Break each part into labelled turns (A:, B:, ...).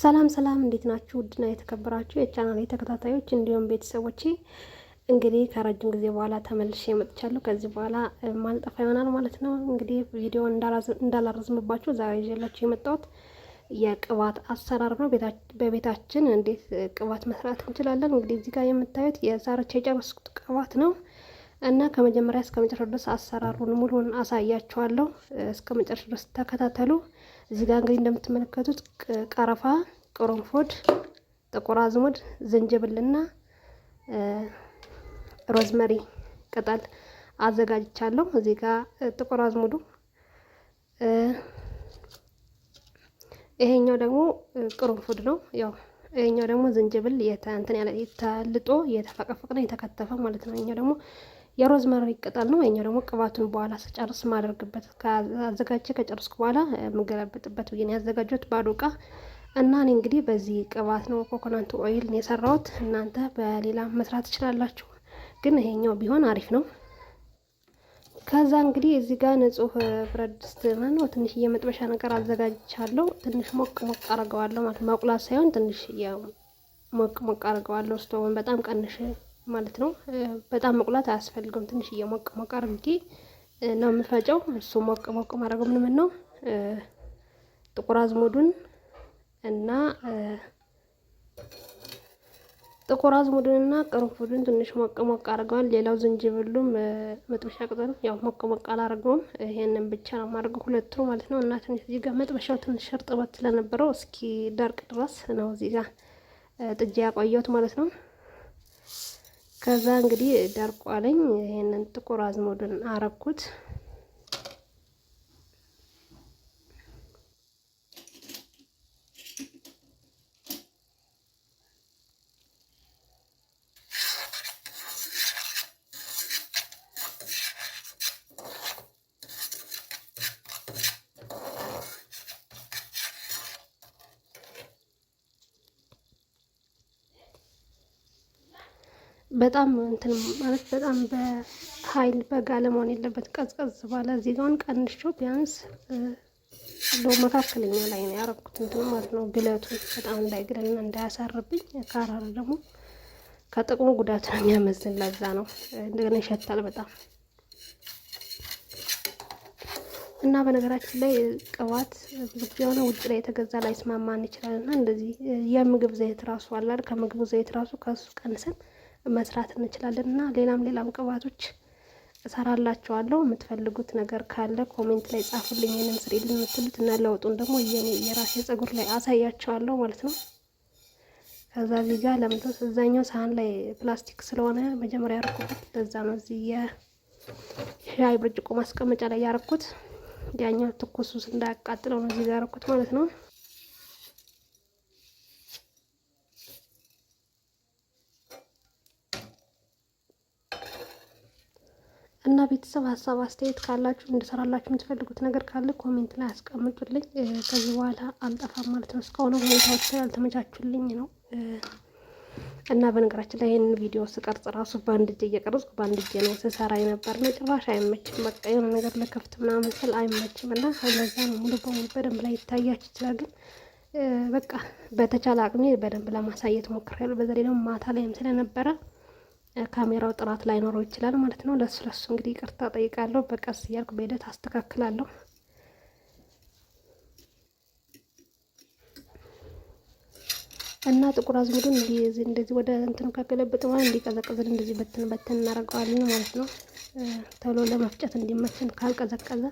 A: ሰላም ሰላም፣ እንዴት ናችሁ? ውድና የተከበራችሁ የቻናል ተከታታዮች እንዲሁም ቤተሰቦቼ እንግዲህ ከረጅም ጊዜ በኋላ ተመልሼ መጥቻለሁ። ከዚህ በኋላ ማልጠፋ ይሆናል ማለት ነው። እንግዲህ ቪዲዮ እንዳላረዝምባችሁ ዛሬ ይዤላችሁ የመጣሁት የቅባት አሰራር ነው። በቤታችን እንዴት ቅባት መስራት እንችላለን። እንግዲህ እዚህ ጋር የምታዩት የሳረች የጨረስኩት ቅባት ነው እና ከመጀመሪያ እስከ መጨረሻ ድረስ አሰራሩን ሙሉን አሳያችኋለሁ። እስከ መጨረሻ ድረስ ተከታተሉ። እዚህ ጋር እንግዲህ እንደምትመለከቱት ቀረፋ፣ ቅርንፉድ፣ ጥቁር አዝሙድ፣ ዝንጅብልና ሮዝመሪ ቅጠል አዘጋጅቻለሁ። እዚህ ጋር ጥቁር አዝሙዱ ይሄኛው ደግሞ ቅርንፉድ ነው። ያው ይሄኛው ደግሞ ዝንጅብል የተንትን ያለ የተልጦ የተፈቀፈቀ ነው የተከተፈ ማለት ነው። ይሄኛው ደግሞ የሮዝመሪ ቅጠል ነው። ወይኛው ደግሞ ቅባቱን በኋላ ስጨርስ ማደርግበት አዘጋጀ ከጨርስኩ በኋላ የምገለብጥበት ብዬን ያዘጋጀሁት ባዶ እቃ እና እኔ እንግዲህ በዚህ ቅባት ነው ኮኮናንት ኦይል የሰራሁት። እናንተ በሌላ መስራት ትችላላችሁ፣ ግን ይሄኛው ቢሆን አሪፍ ነው። ከዛ እንግዲህ እዚህ ጋር ንጹህ ብረት ድስት ነው ትንሽ የመጥበሻ ነገር አዘጋጅቻለሁ። ትንሽ ሞቅ ሞቅ አርገዋለሁ ማለት ማቁላት ሳይሆን ትንሽ ሞቅ ሞቅ አርገዋለሁ። ስቶቭን በጣም ቀንሽ ማለት ነው። በጣም መቁላት አያስፈልገውም። ትንሽ እየሞቅ ሞቅ አድርጌ ነው የምፈጨው። እሱ ሞቅ ሞቅ ማድረገው ምንምን ነው ጥቁር አዝሙዱን እና ጥቁር አዝሙዱንና ቅርንፉዱን ትንሽ ሞቅ ሞቅ አድርገዋል። ሌላው ዝንጅብሉም መጥበሻ ቅጠሉ ያው ሞቅ ሞቅ አላርገውም። ይሄንን ብቻ ነው የማደርገው ሁለቱ ማለት ነው። እና ትንሽ እዚህ ጋር መጥበሻው ትንሽ እርጥበት ስለነበረው እስኪ ደርቅ ድረስ ነው እዚህ ጋር ጥጃ ያቆየሁት ማለት ነው። ከዛ እንግዲህ ደርቋለኝ ይሄንን ጥቁር አዝሙድን አረኩት። በጣም እንትን ማለት በጣም በኃይል በጋለ መሆን የለበት። ቀዝቀዝ ባለ ዜጋውን ቀንሾ ቢያንስ እንደው መካከለኛ ላይ ነው ያረኩት እንትን ማለት ነው። ግለቱ በጣም እንዳይግልና እንዳያሳርብኝ፣ ካራረ ደግሞ ከጥቅሙ ጉዳት ነው የሚያመዝን። ለዛ ነው እንደገና ይሸታል በጣም እና በነገራችን ላይ ቅባት ብዙ ጊዜ የሆነ ውጭ ላይ የተገዛ ላይስማማን ይችላል እና እንደዚህ የምግብ ዘይት ራሱ አላል ከምግቡ ዘይት ራሱ ከሱ ቀንሰን መስራት እንችላለን እና ሌላም ሌላም ቅባቶች እሰራላችኋለሁ። የምትፈልጉት ነገር ካለ ኮሜንት ላይ ጻፉልኝ። ይህንን ስሪልን የምትሉት እና ለውጡን ደግሞ የኔ የራሴ ጸጉር ላይ አሳያቸዋለሁ ማለት ነው። ከዛ እዚህ ጋር ለምንተስ እዛኛው ሳህን ላይ ፕላስቲክ ስለሆነ መጀመሪያ ያደረኩት ለዛ ነው። እዚህ የሻይ ብርጭቆ ማስቀመጫ ላይ ያደረኩት ያኛው ትኩሱስ እንዳያቃጥለው ነው እዚህ ጋር ያደረኩት ማለት ነው። እና ቤተሰብ ሀሳብ አስተያየት ካላችሁ እንድሰራላችሁ የምትፈልጉት ነገር ካለ ኮሜንት ላይ አስቀምጡልኝ። ከዚህ በኋላ አልጠፋም ማለት ነው። እስካሁን ሁኔታዎች ላይ አልተመቻችሁልኝ ነው እና በነገራችን ላይ ይህንን ቪዲዮ ስቀርጽ ራሱ በአንድ እጄ እየቀረጽኩ በአንድ እጄ ነው ስሰራ የነበር ነው። ጭራሽ አይመችም። በቃ የሆነ ነገር ለከፍት ምናምን ስል አይመችም እና ከነዛ ነው ሙሉ በሙሉ በደንብ ላይ ይታያችሁ ይችላል። ግን በቃ በተቻለ አቅሜ በደንብ ለማሳየት ሞክሬያለሁ። በዛ ላይ ደግሞ ማታ ላይም ስለነበረ ካሜራው ጥራት ላይኖረው ይችላል ማለት ነው። ለሱ ለሱ እንግዲህ ይቅርታ ጠይቃለሁ። በቀስ እያልኩ በሂደት አስተካክላለሁ። እና ጥቁር አዝሙዱን እንዲህ እንደዚህ ወደ እንትኑ ከገለበጥ ማለት እንዲቀዘቅዝን እንደዚህ በትን በትን እናደርገዋለን ማለት ነው። ቶሎ ለመፍጨት እንዲመችን ካልቀዘቀዘ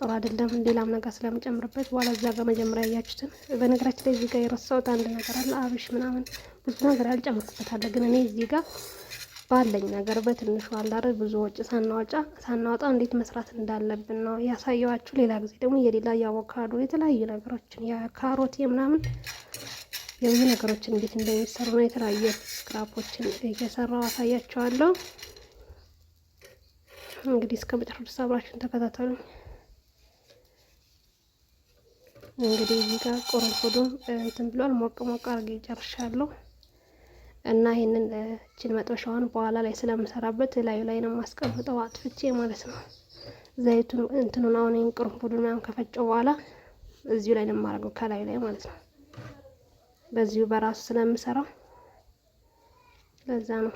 A: ጥሩ አይደለም። ሌላም ነገር ስለምጨምርበት በኋላ እዛ ጋር መጀመሪያ ያያችሁትን። በነገራችን ላይ እዚህ ጋር የረሳሁት አንድ ነገር አለ። አብሽ ምናምን ብዙ ነገር ያልጨምርኩበት አለ፣ ግን እኔ እዚህ ጋር ባለኝ ነገር በትንሹ አላረ ብዙ ወጪ ሳናወጫ ሳናወጣ እንዴት መስራት እንዳለብን ነው ያሳየዋችሁ። ሌላ ጊዜ ደግሞ የሌላ የአቮካዶ የተለያዩ ነገሮችን የካሮት የምናምን የብዙ ነገሮችን እንዴት እንደሚሰሩ ነው የተለያዩ ስክራፖችን እየሰራው አሳያቸዋለሁ። እንግዲህ እስከ መጨረሻ አብራችሁን ተከታተሉ። እንግዲህ እዚህ ጋር ቆረቆዶም እንትን ብሏል። ሞቅ ሞቅ አድርጌ ጨርሻለሁ። እና ይህንን እችን መጥበሻዋን በኋላ ላይ ስለምሰራበት ላዩ ላይ ነው ማስቀምጠው አጥፍቼ ማለት ነው። ዘይቱን እንትኑን አሁን ይህን ቅርንፉዱን ምናምን ከፈጨው በኋላ እዚሁ ላይ ነው የማደርገው ከላዩ ላይ ማለት ነው። በዚሁ በራሱ ስለምሰራው ለዛ ነው።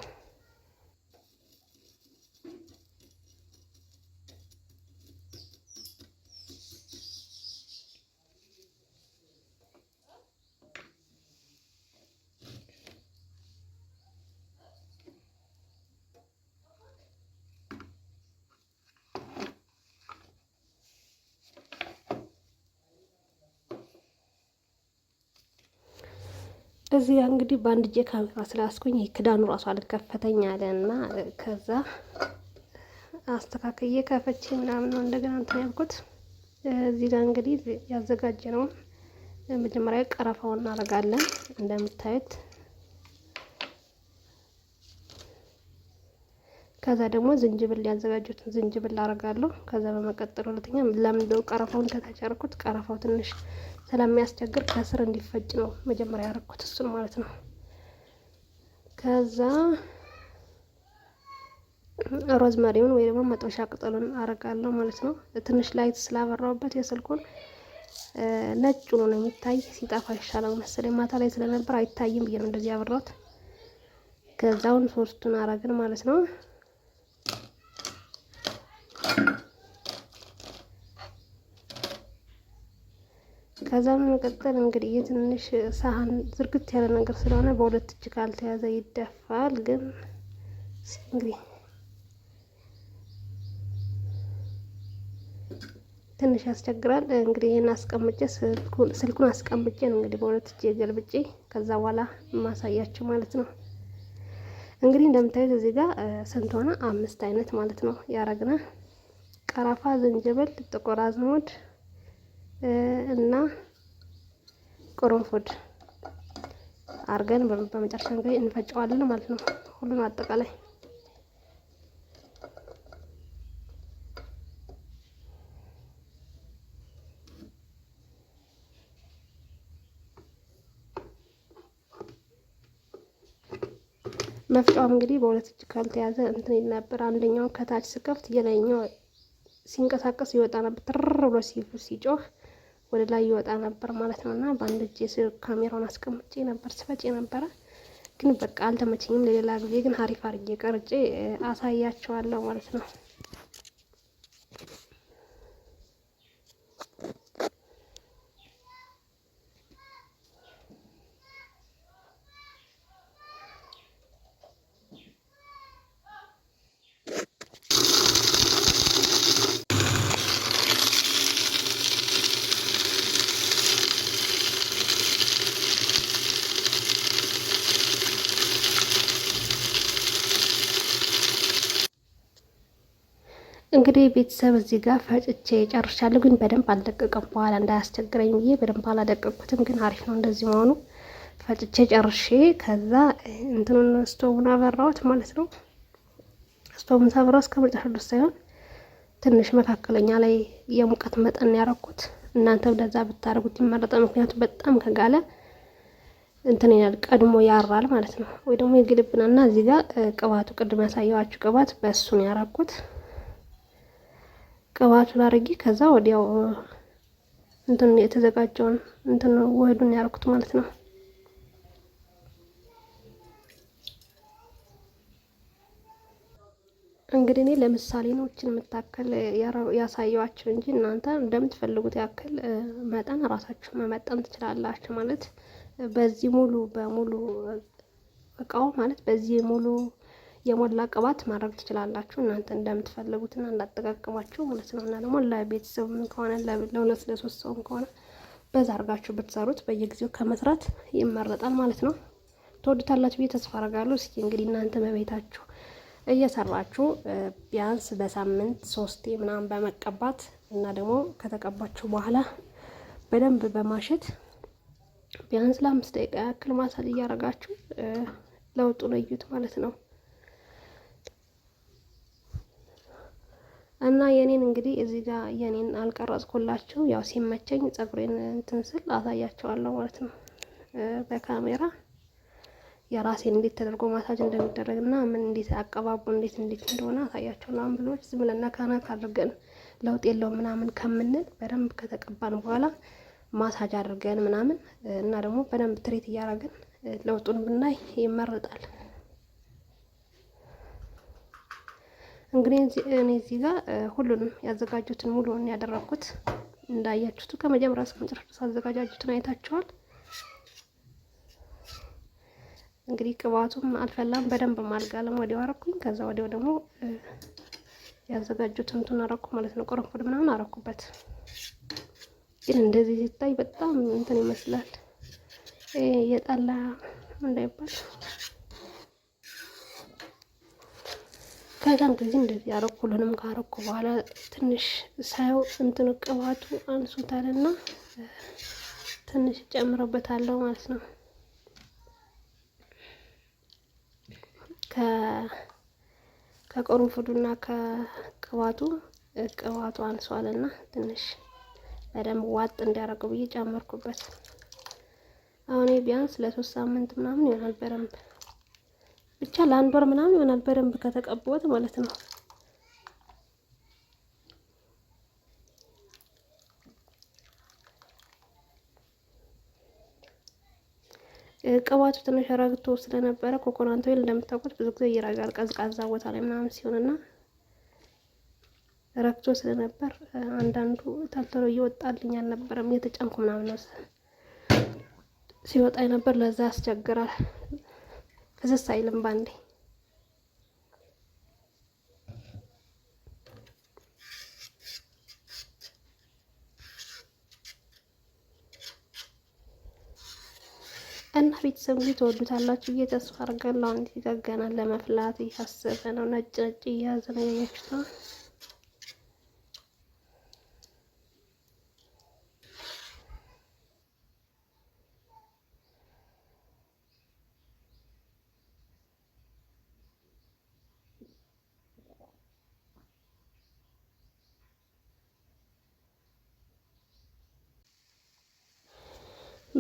A: እዚህ እንግዲህ በአንድ እጄ ካሜራ ስላስኩኝ ክዳኑ ራሱ አልከፈተኝ አለ እና ከዛ አስተካክዬ ከፈቼ ምናምን ነው እንደገና እንትን ያልኩት። እዚህ ጋር እንግዲህ ያዘጋጀ ነው። መጀመሪያ ቀረፋው እናደርጋለን እንደምታዩት ከዛ ደግሞ ዝንጅብል ያዘጋጀሁትን ዝንጅብል አደርጋለሁ። ከዛ በመቀጠል ሁለተኛ ለምንድነው ቀረፋውን ከታች አርኩት ቀረፋው ትንሽ ስለሚያስቸግር ከስር እንዲፈጭ ነው መጀመሪያ ያደረኩት እሱን ማለት ነው። ከዛ ሮዝመሪውን ወይ ደግሞ መጥበሻ ቅጠሉን አደርጋለሁ ማለት ነው። ትንሽ ላይት ስላበራውበት የስልኩን ነጭ ነው ነው የሚታይ ሲጠፋ ይሻላል መሰለኝ። ማታ ላይ ስለነበር አይታይም ብዬ ነው እንደዚህ ያበራሁት። ከዛውን ሶስቱን አረግን ማለት ነው። ከዛ በመቀጠል እንግዲህ የትንሽ ሳህን ዝርግት ያለ ነገር ስለሆነ በሁለት እጅ ካልተያዘ ይደፋል። ግን እንግዲህ ትንሽ ያስቸግራል። እንግዲህ ይህን አስቀምጬ ስልኩን አስቀምጬ ነው እንግዲህ በሁለት እጅ የገልብጬ ከዛ በኋላ ማሳያችሁ ማለት ነው። እንግዲህ እንደምታዩት እዚህ ጋር ስንት ሆነ? አምስት አይነት ማለት ነው ያረግና ቀረፋ፣ ዝንጅብል፣ ጥቁር አዝሙድ እና ቅርንፉድ አድርገን በመጨረሻ እንግዲህ እንፈጨዋለን ማለት ነው። ሁሉን አጠቃላይ መፍጫውም እንግዲህ በሁለት እጅ ካልተያዘ እንትን ይል ነበር። አንደኛው ከታች ስከፍት የላይኛው ሲንቀሳቀስ ይወጣ ነበር። ትርር ብሎ ሲጮህ ወደ ላይ ይወጣ ነበር ማለት ነው። እና በአንድ እጄ ካሜራውን አስቀምጬ ነበር ስፈጭ ነበረ፣ ግን በቃ አልተመቸኝም። ለሌላ ጊዜ ግን አሪፍ አርጌ ቀርጬ አሳያቸዋለሁ ማለት ነው። እንግዲህ ቤተሰብ እዚህ ጋር ፈጭቼ ጨርሻለሁ፣ ግን በደንብ አልደቀቀም። በኋላ እንዳያስቸግረኝ ብዬ በደንብ አላደቀቅኩትም፣ ግን አሪፍ ነው እንደዚህ መሆኑ። ፈጭቼ ጨርሼ ከዛ እንትኑን ስቶቡን አበራሁት ማለት ነው። ስቶቡን ሳበራው እስከ መጨረሻ ድረስ ሳይሆን ትንሽ መካከለኛ ላይ የሙቀት መጠን ያረኩት። እናንተ እንደዛ ብታደርጉት ይመረጣል። ምክንያቱም በጣም ከጋለ እንትን ይላል ቀድሞ ያራል ማለት ነው፣ ወይ ደግሞ ይግልብናል እና እዚህ ጋር ቅባቱ ቅድም ያሳየዋችሁ ቅባት በእሱን ያረኩት ቅባቱን አድርጌ ከዛ ወዲያው እንትን የተዘጋጀውን እንትን ውህዱን ያልኩት ማለት ነው። እንግዲህ እኔ ለምሳሌ ነው እችን የምታክል ያሳየዋችሁ እንጂ እናንተ እንደምትፈልጉት ያክል መጠን ራሳችሁ መመጠን ትችላላችሁ። ማለት በዚህ ሙሉ በሙሉ እቃው ማለት በዚህ ሙሉ የሞላ ቅባት ማድረግ ትችላላችሁ እናንተ እንደምትፈልጉትና እንዳጠቃቀማችሁ ማለት ነው። እና ደግሞ ለቤተሰብም ከሆነ ለሁለት ለሶስት ሰውም ከሆነ በዛ አርጋችሁ ብትሰሩት በየጊዜው ከመስራት ይመረጣል ማለት ነው። ትወዱታላችሁ ብዬ ተስፋ አርጋሉ እስኪ እንግዲህ እናንተ በቤታችሁ እየሰራችሁ ቢያንስ በሳምንት ሶስቴ ምናምን በመቀባት እና ደግሞ ከተቀባችሁ በኋላ በደንብ በማሸት ቢያንስ ለአምስት ደቂቃ ያክል ማሳጅ እያደረጋችሁ ለውጡ ለዩት ማለት ነው። እና የኔን እንግዲህ እዚህ ጋር የኔን አልቀረጽኩላችሁ። ያው ሲመቸኝ ጸጉሬን እንትን ስል አሳያቸዋለሁ ማለት ነው በካሜራ የራሴን እንዴት ተደርጎ ማሳጅ እንደሚደረግ እና ምን እንዴት አቀባቡ እንዴት እንዴት እንደሆነ አሳያቸዋለሁ። ብዙዎች ዝም ብለን ነካ ነካ ለውጥ የለው ምናምን ከምንል በደንብ ከተቀባን በኋላ ማሳጅ አድርገን ምናምን እና ደግሞ በደንብ ትሬት እያደረግን ለውጡን ብናይ ይመረጣል። እንግዲህ እኔ እዚህ ጋር ሁሉንም ያዘጋጁትን ሙሉውን ያደረኩት እንዳያችሁት ከመጀመሪያ እስከ መጨረሻ አዘጋጃጁትን አይታችኋል። እንግዲህ ቅባቱም አልፈላም በደንብ አልጋለም፣ ወዲያው አረኩኝ። ከዛ ወዲያው ደግሞ ያዘጋጁትን እንትን አረኩ ማለት ነው፣ ቅርንፉድ ምናምን አረኩበት። ግን እንደዚህ ሲታይ በጣም እንትን ይመስላል የጠላ እንዳይባል ከዛም ጊዜ እንደዚህ ያረኩ ካረኩ በኋላ ትንሽ ሳየው እንትኑ ቅባቱ አንሶታልና ትንሽ ጨምረበታለሁ ማለት ነው። ከቅርንፉዱና ከቅባቱ ቅባቱ አንሷልና ትንሽ በደንብ ዋጥ እንዲያደርገው ብዬ ጨመርኩበት። አሁን ቢያንስ ለሶስት ሳምንት ምናምን ይሆናል በደንብ ብቻ ለአንድ ወር ምናምን ይሆናል በደንብ ከተቀበወት ማለት ነው። ቅባቱ ትንሽ ረግቶ ስለነበረ ኮኮናንት ወይል እንደምታውቁት ብዙ ጊዜ ይረጋል ቀዝቃዛ ቦታ ላይ ምናምን ሲሆንና ረግቶ ስለነበር አንዳንዱ ተልተሎ እየወጣልኝ አልነበረም። እየተጨምኩ ምናምን ነው ሲወጣ ነበር። ለዛ ያስቸግራል። ፍስስ አይልም ባንዴ። እና ቤተሰብ እንግዲህ ትወዱታላችሁ ብዬ ተስፋ አድርጋለሁ። አሁን ይጋገናል ለመፍላት እያሰበ ነው። ነጭ ነጭ እየያዘ ነው ያያችሁት።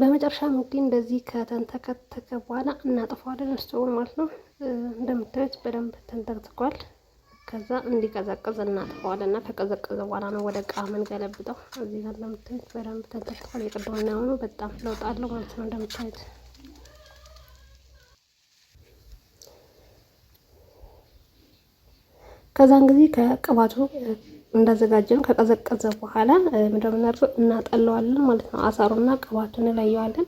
A: በመጨረሻም እንግዲህ እንደዚህ ከተንተከተከ በኋላ እናጥፈዋለን ስቶውን ማለት ነው። እንደምታዩት በደንብ ተንተክትኳል። ከዛ እንዲቀዘቅዝ እናጥፈዋለን እና ከቀዘቀዘ በኋላ ነው ወደ እቃ የምንገለብጠው። እዚህ ጋር እንደምታዩት በደንብ ተንተክትኳል። የቅድሙ እና በጣም ለውጥ አለው ማለት ነው። እንደምታዩት ከዛን ጊዜ ከቅባቱ እንዳዘጋጀን ከቀዘቀዘ በኋላ እንደምናደርገው እናጠለዋለን ማለት ነው። አሳሩና ቅባቱን እንለየዋለን።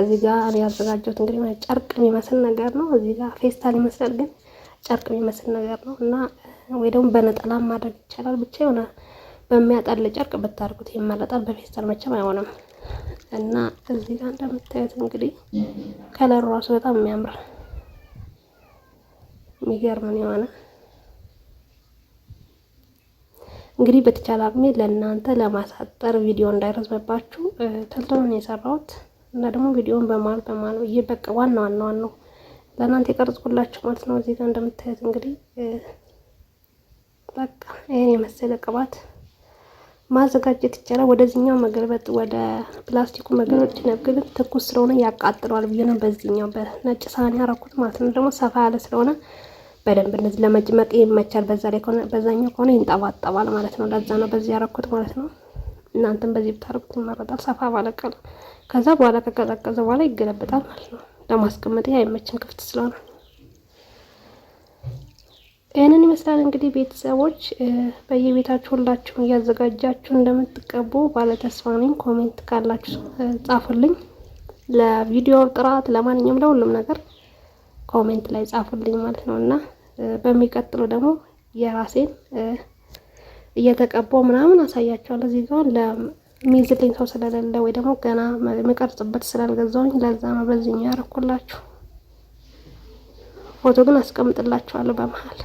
A: እዚህ ጋር ያዘጋጀሁት እንግዲህ ጨርቅ የሚመስል ነገር ነው። እዚህ ጋር ፌስታል ይመስላል፣ ግን ጨርቅ የሚመስል ነገር ነው እና ወይ ደግሞ በነጠላ ማድረግ ይቻላል። ብቻ የሆነ በሚያጠል ጨርቅ ብታደርጉት ይመረጣል። በፌስታል መቼም አይሆንም እና እዚህ ጋር እንደምታዩት እንግዲህ ከለሩ ራሱ በጣም የሚያምር የሚገርምን የሆነ እንግዲህ በተቻለ አቅሜ ለእናንተ ለማሳጠር ቪዲዮ እንዳይረዝመባችሁ ተልተሎን የሰራሁት እና ደግሞ ቪዲዮን በማል በማል ብዬ በቃ ዋና ዋና ዋናው ለእናንተ የቀረጽኩላችሁ ማለት ነው። እዚህ ጋር እንደምታዩት እንግዲህ በቃ ይህን የመሰለ ቅባት ማዘጋጀት ይቻላል። ወደዚህኛው መገልበጥ ወደ ፕላስቲኩ መገልበጥ ነግልት ትኩስ ስለሆነ ያቃጥለዋል ብዬ ነው በዚህኛው በነጭ ሳህን ያረኩት ማለት ነው። ደግሞ ሰፋ ያለ ስለሆነ በደንብ እነዚህ ለመጭመቅ ይመቻል። በዛ ላይ ከሆነ በዛኛው ከሆነ ይንጠባጠባል ማለት ነው። ለዛ ነው በዚህ ያረኩት ማለት ነው። እናንተም በዚህ ብታረጉት ይመረጣል። ሰፋ ባለቀል ከዛ በኋላ ከቀዘቀዘ በኋላ ይገለበጣል ማለት ነው። ለማስቀመጥ አይመችም ክፍት ስለሆነ። ይህንን ይመስላል እንግዲህ ቤተሰቦች፣ በየቤታችሁ ሁላችሁን እያዘጋጃችሁ እንደምትቀቡ ባለተስፋ ነኝ። ኮሜንት ካላችሁ ጻፉልኝ። ለቪዲዮ ጥራት፣ ለማንኛውም ለሁሉም ነገር ኮሜንት ላይ ጻፉልኝ ማለት ነው እና በሚቀጥለው ደግሞ የራሴን እየተቀባው ምናምን አሳያቸዋለሁ። እዚህ ጋር ለሚይዝልኝ ሰው ስለሌለ ወይ ደግሞ ገና የምቀርጽበት ስላልገዛውኝ ለዛ ነው በዚህኛው ያረኩላችሁ። ፎቶ ግን አስቀምጥላችኋለሁ በመሀል